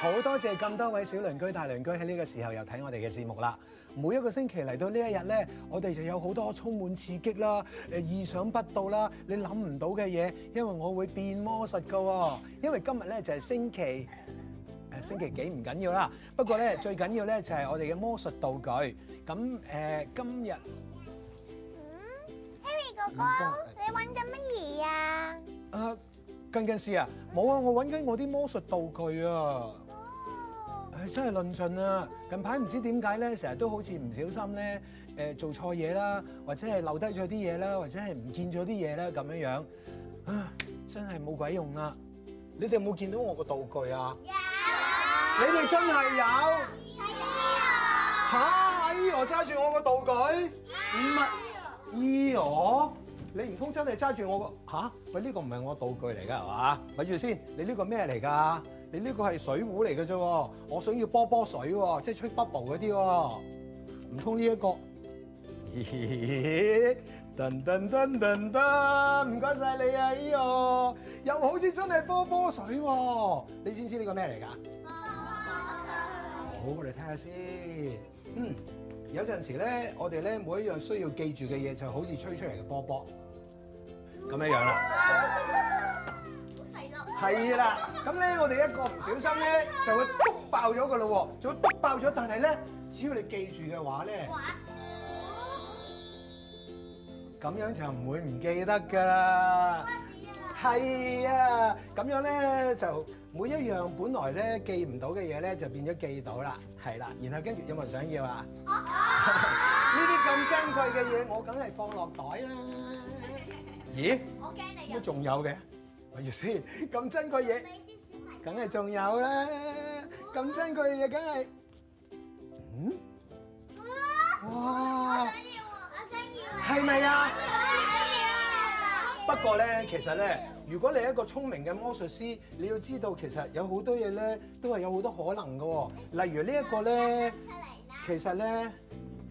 好多謝咁多位小鄰居、大鄰居喺呢個時候又睇我哋嘅節目啦！每一個星期嚟到這一呢一日咧，我哋就有好多充滿刺激啦、誒意想不到啦、你諗唔到嘅嘢，因為我會變魔術㗎喎！因為今日咧就係、是、星期誒、呃、星期幾唔緊要緊啦，不過咧 最緊要咧就係、是、我哋嘅魔術道具。咁誒、呃、今日 ，Harry 哥哥，嗯、你揾緊乜嘢啊？誒近近視啊，冇啊，我揾緊我啲魔術道具啊！真係論盡啊！近排唔知點解咧，成日都好似唔小心咧，誒做錯嘢啦，或者係漏低咗啲嘢啦，或者係唔見咗啲嘢啦咁樣樣，啊真係冇鬼用啦！你哋有冇見到我個道具啊？有，你哋真係有。係依我嚇，依我揸住我個道具。唔係，依我，你唔通真係揸住我個吓？喂，呢個唔係我道具嚟㗎係嘛？咪住先，你呢個咩嚟㗎？你呢個係水壺嚟嘅啫，我想要波波水喎，即係吹 bubble 嗰啲喎，唔通呢一個？咦？噔噔噔噔噔噔，唔該晒你啊！呢個又好似真係波波水喎，你知唔知呢個咩嚟㗎？好，我哋睇下先。嗯，有陣時咧，我哋咧每一樣需要記住嘅嘢，就好似吹出嚟嘅波波咁樣樣啦。啊係啦，咁咧我哋一個唔小心咧就會篤爆咗噶咯喎，就會篤爆咗。但係咧，只要你記住嘅話咧，咁樣就唔會唔記得噶啦。係啊，咁樣咧就每一樣本來咧記唔到嘅嘢咧就變咗記到啦。係啦，然後跟住有冇人想要啊？呢啲咁珍貴嘅嘢我梗係放落袋啦。咦？乜仲有嘅？我要咁珍貴嘅嘢，梗係仲有啦！咁珍貴嘅嘢梗係，嗯？哇！好想要，我想要，係咪啊？不過咧，其實咧，如果你一個聰明嘅魔術師，你要知道其實有好多嘢咧，都係有好多可能嘅喎。例如呢一個咧，其實咧。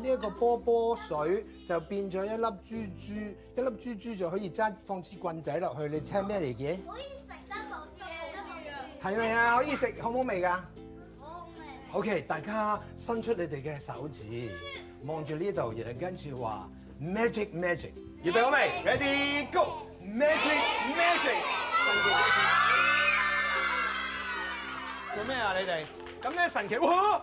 呢一個波波水就變咗一粒珠珠，一粒珠珠就可以揸放支棍仔落去。你聽咩嚟嘅？可以食得學樣。係咪啊？可以食，好唔好味㗎？好好味。OK，大家伸出你哋嘅手指，望住呢度，然後跟住話 magic magic，準備好未？Ready go，magic magic, magic! 神奇 做咩啊你哋？咁咧神奇，哇！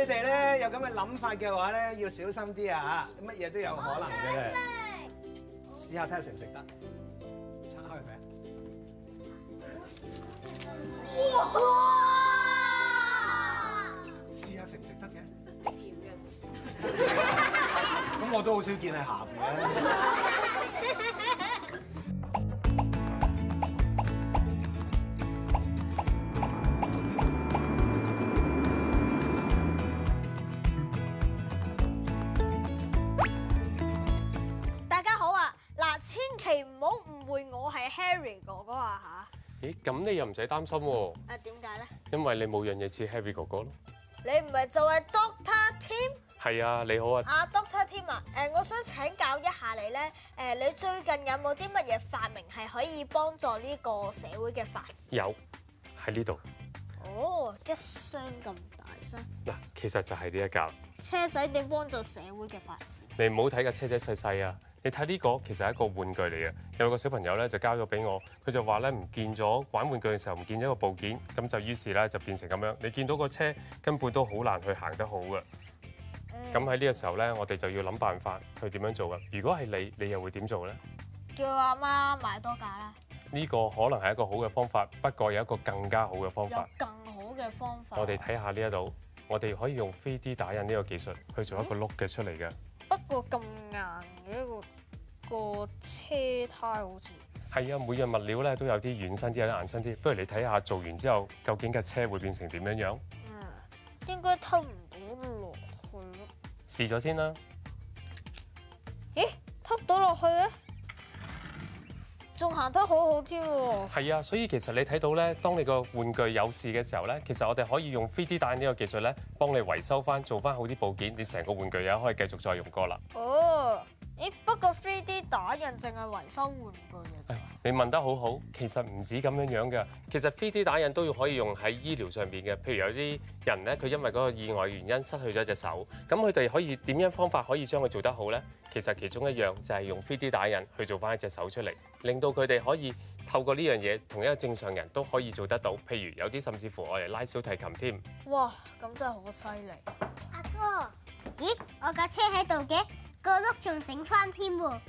如果你哋咧有咁嘅諗法嘅話咧，要小心啲啊！乜嘢都有可能嘅，試下睇下食唔食得，拆開佢。睇。哇！試下食唔食得嘅，咁我都好少見你鹹嘅。 咁你又唔使擔心喎。啊，點解咧？因為你冇樣嘢似 Harry 哥哥咯。你唔係就係 Doctor Tim？係啊，你好啊。啊，Doctor Tim 啊，誒，我想請教一下你咧，誒，你最近有冇啲乜嘢發明係可以幫助呢個社會嘅發展？有，喺呢度。哦，一箱咁大箱。嗱，其實就係呢一架。車仔點幫助社會嘅發展？你唔好睇架車仔細細啊！你睇呢個其實係一個玩具嚟嘅，有個小朋友咧就交咗俾我，佢就話咧，唔見咗玩玩具嘅時候唔見咗個部件，咁就於是咧就變成咁樣。你見到個車根本都好難去行得好嘅。咁喺呢個時候咧，我哋就要諗辦法去點樣做啊。如果係你，你又會點做咧？叫阿媽買多架啦。呢個可能係一個好嘅方法，不過有一個更加好嘅方法。更好嘅方法。我哋睇下呢一度，我哋可以用 3D 打印呢個技術去做一個碌嘅出嚟嘅。嗯個咁硬嘅一個的一個，一個車胎好似，係啊，每樣物料咧都有啲軟身啲，有啲硬身啲。不如你睇下做完之後，究竟架車會變成點樣樣？嗯，應該吸唔到落去咯。試咗先啦。咦，吸到落去啊？仲行得好好添。係啊，所以其實你睇到咧，當你個玩具有事嘅時候咧，其實我哋可以用 3D 打印呢個技術咧。幫你維修翻，做翻好啲部件，你成個玩具也可以繼續再用過啦。哦，咦，不過 3D 打印淨係維修玩具啊？你問得好好，其實唔止咁樣樣嘅，其實 3D 打印都要可以用喺醫療上邊嘅。譬如有啲人咧，佢因為嗰個意外原因失去咗隻手，咁佢哋可以點樣方法可以將佢做得好咧？其實其中一樣就係用 3D 打印去做翻一隻手出嚟，令到佢哋可以。透過呢樣嘢，同一個正常人都可以做得到。譬如有啲甚至乎，我嚟拉小提琴添。哇，咁真係好犀利！阿哥，咦，我架車喺度嘅，個碌仲整翻添喎。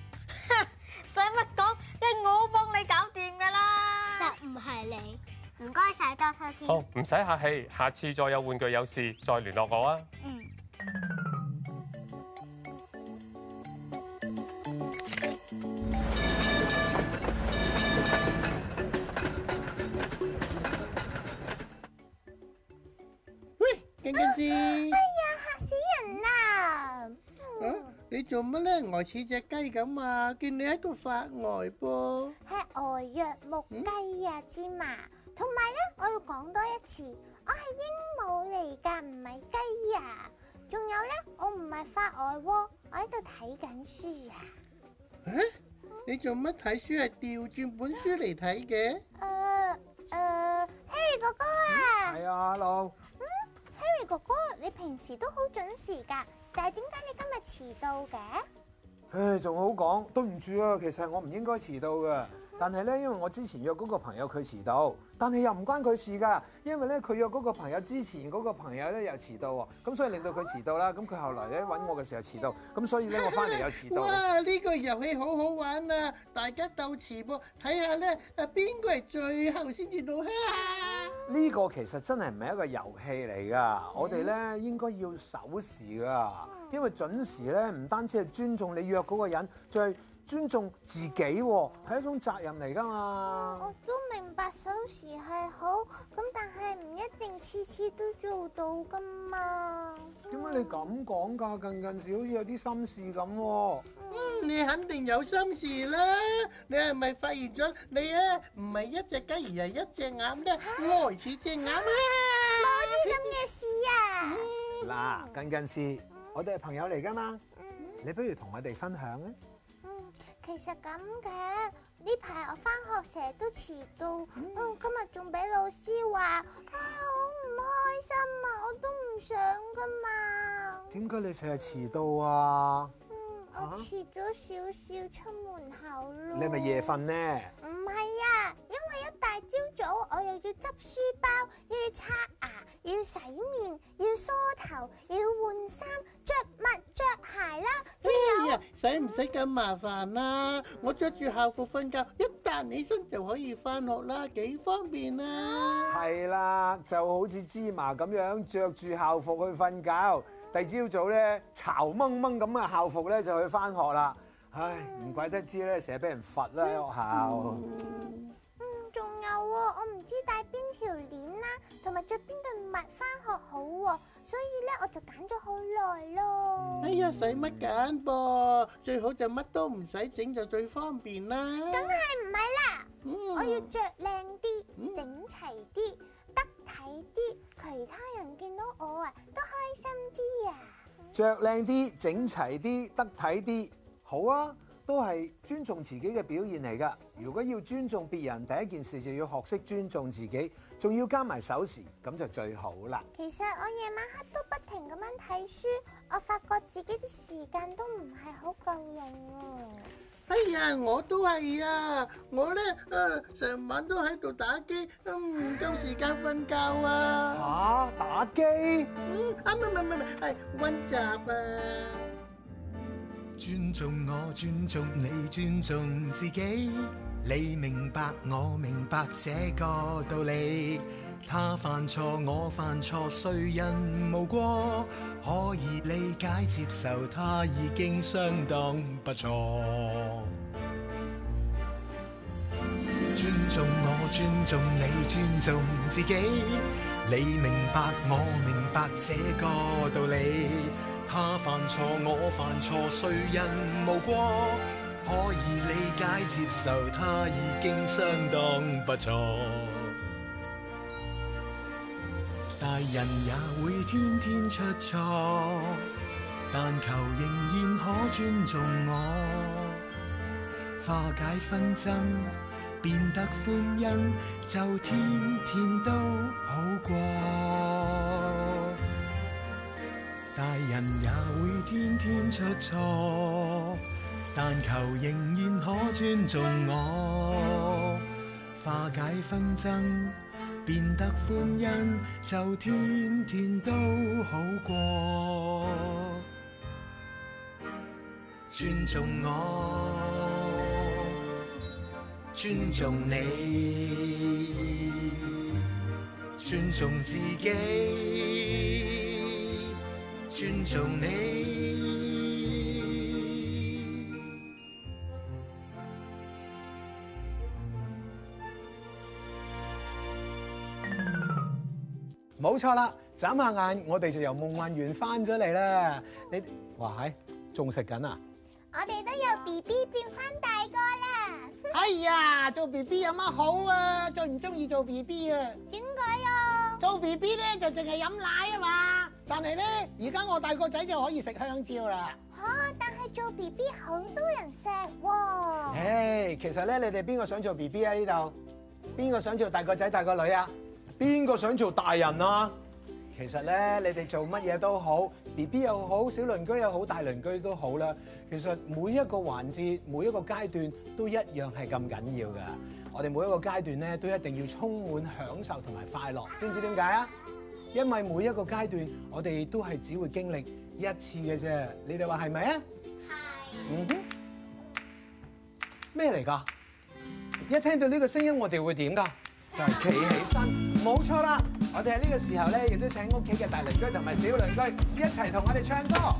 使乜講？即係我幫你搞掂㗎啦。實唔係你，唔該曬多謝添。好，唔使客氣，下次再有玩具有事再聯絡我啊。哎呀，嚇死人啦！啊，你做乜咧呆似隻雞咁啊？見你喺度發呆噃，係呆若木雞呀，知嘛？同埋咧，我要講多一次，我係鸚鵡嚟噶，唔係雞呀。仲有咧，我唔係發呆喎，我喺度睇緊書呀。誒，你做乜睇書係調轉本書嚟睇嘅？誒誒，Harry 哥哥啊！係啊，Hello。哥哥，你平時都好準時噶，但係點解你今日遲到嘅？唉，仲好講，對唔住啊，其實我唔應該遲到噶、嗯。但係咧，因為我之前約嗰個朋友佢遲到，但係又唔關佢事噶，因為咧佢約嗰個朋友之前嗰、嗰個朋友咧又遲到，咁所以令到佢遲到啦。咁佢後來咧搵我嘅時候遲到，咁所以咧我翻嚟又遲到。哇，呢、呢個遊戲好好玩啊！大家鬥遲噃，睇下咧誒邊個係最後先至到。啊。呢、這個其實真係唔係一個遊戲嚟噶，我哋咧應該要守時噶、嗯，因為準時咧唔單止係尊重你約嗰個人，仲、嗯、係尊重自己，係、嗯、一種責任嚟噶嘛。我都明白守時係好，咁但係唔一定次次都做到噶嘛。點、嗯、解你咁講㗎？近近視好似有啲心事咁。嗯，你肯定有心事啦。你係咪發現咗你咧唔係一隻雞而係一隻鴨咧？外似隻鴨啊！冇啲咁嘅事啊！嗱，近近視，我哋係朋友嚟噶嘛？你不如同我哋分享咧？嗯，其實咁嘅，呢排我翻學成日都遲到，今日仲俾老師話啊，好唔開心啊，我都唔想噶嘛。點解你成日遲到啊？我遲咗少少出門口咯。你係咪夜瞓呢？唔係啊，因為一大朝早我又要執書包，要刷牙，要洗面，要梳頭，要換衫，着襪着鞋啦，仲有啊，使唔使咁麻煩啦、啊嗯？我着住校服瞓覺，一彈起身就可以翻學啦，幾方便啊？係、啊、啦，就好似芝麻咁樣，着住校服去瞓覺。第二朝早咧，巢掹掹咁嘅校服咧就去翻學啦。唉，唔怪得知咧，成日俾人罰啦喺學校。嗯、仲、嗯、有我唔知帶邊條鏈啦，同埋着邊對襪翻學好喎。所以咧，我就揀咗好耐咯。哎呀，使乜揀噃？最好就乜都唔使整就最方便啦。梗係唔係啦，我要着靚啲，整齊啲。其他人見到我啊，都開心啲啊，着靚啲，整齊啲，得體啲，好啊，都係尊重自己嘅表現嚟㗎。如果要尊重別人，第一件事就要學識尊重自己，仲要加埋守時，咁就最好啦。其實我夜晚黑都不停咁樣睇書，我發覺自己啲時間都唔係好夠用啊。哎呀，我都係呀！我咧，啊、呃，成晚都喺度打機，都唔、嗯、夠時間瞓覺啊！嚇、啊，打機？嗯，啊，唔唔唔唔，係溫習啊！尊重我，尊重你，尊重自己，你明白我明白這個道理。他犯錯，我犯錯，誰人無過？可以理解接受，他已經相當不錯。 尊重我，尊重你，尊重自己。你明白，我明白這個道理。他犯錯，我犯錯，誰人無過？可以理解接受，他已經相當不錯。大人也會天天出錯，但求仍然可尊重我。化解紛爭，變得歡欣，就天天都好過。大人也會天天出錯，但求仍然可尊重我。化解紛爭。變得歡欣，就天天都好過。尊重我，尊重你，尊重自己，尊重你。冇錯啦，眨下眼我哋就由夢幻園翻咗嚟啦！你哇，仲食緊啊？我哋都有 B B 變翻大個啦！哎呀，做 B B 有乜好啊？最唔中意做 B B 啊？點解啊？做 B B 咧就淨係飲奶啊嘛！但係咧，而家我大個仔就可以食香蕉啦。嚇、哦！但係做 B B 好多人錫喎、啊。誒、hey，其實咧，你哋邊個想做 B B 啊？呢度邊個想做大個仔大個女啊？邊個想做大人啊？其實咧，你哋做乜嘢都好，BB 又好，小鄰居又好，大鄰居都好啦。其實每一個環節，每一個階段都一樣係咁緊要噶。我哋每一個階段咧，都一定要充滿享受同埋快樂。知唔知點解啊？因為每一個階段我哋都係只會經歷一次嘅啫。你哋話係咪啊？係。嗯哼。咩嚟噶？一聽到呢個聲音，我哋會點噶？就企、是、起身，冇錯啦！我哋喺呢個時候咧，亦都請屋企嘅大鄰居同埋小鄰居一齊同我哋唱歌。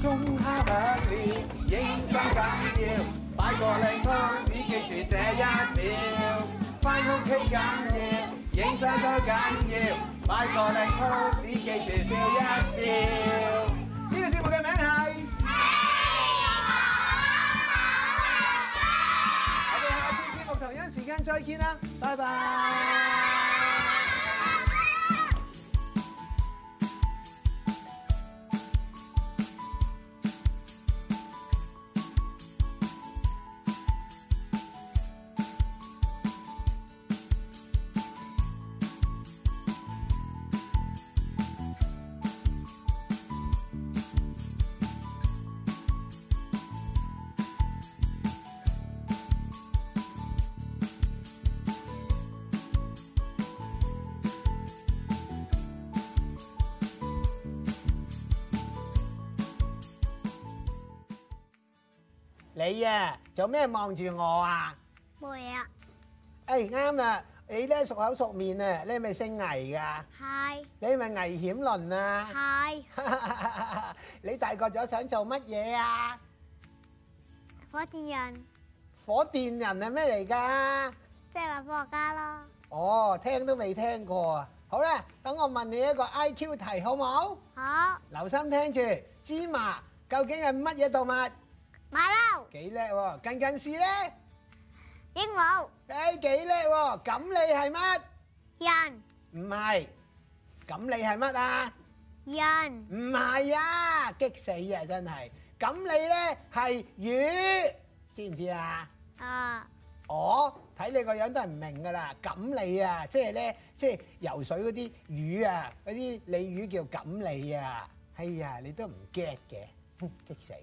中考緊要，影相緊要，擺個靚 pose，記住這一秒。翻屋企緊要，影相都緊要，擺個靚 pose，記住笑一笑。再見啦啊，拜拜。拜拜。你啊，做咩望住我啊？冇嘢。哎，啱啦！你咧熟口熟面啊，你係咪姓危噶？係。你係咪危險論啊？係。你大個咗想做乜嘢啊？火電人。火電人係咩嚟噶？即係話科學家咯。哦，聽都未聽過啊！好啦，等我問你一個 IQ 題好冇？好。留心聽住，芝麻究竟係乜嘢動物？馬騮幾叻喎，近近視咧？鸚鵡，你幾叻喎？錦鯉係乜？人？唔係，錦鯉係乜啊？人？唔係啊，激死啊！真係，錦鯉咧係魚，知唔知啊？啊。我睇你個樣都係唔明噶啦，錦鯉啊，即係咧，即係游水嗰啲魚啊，嗰啲鯉魚叫錦鯉啊，哎呀，你都唔 get 嘅，激死！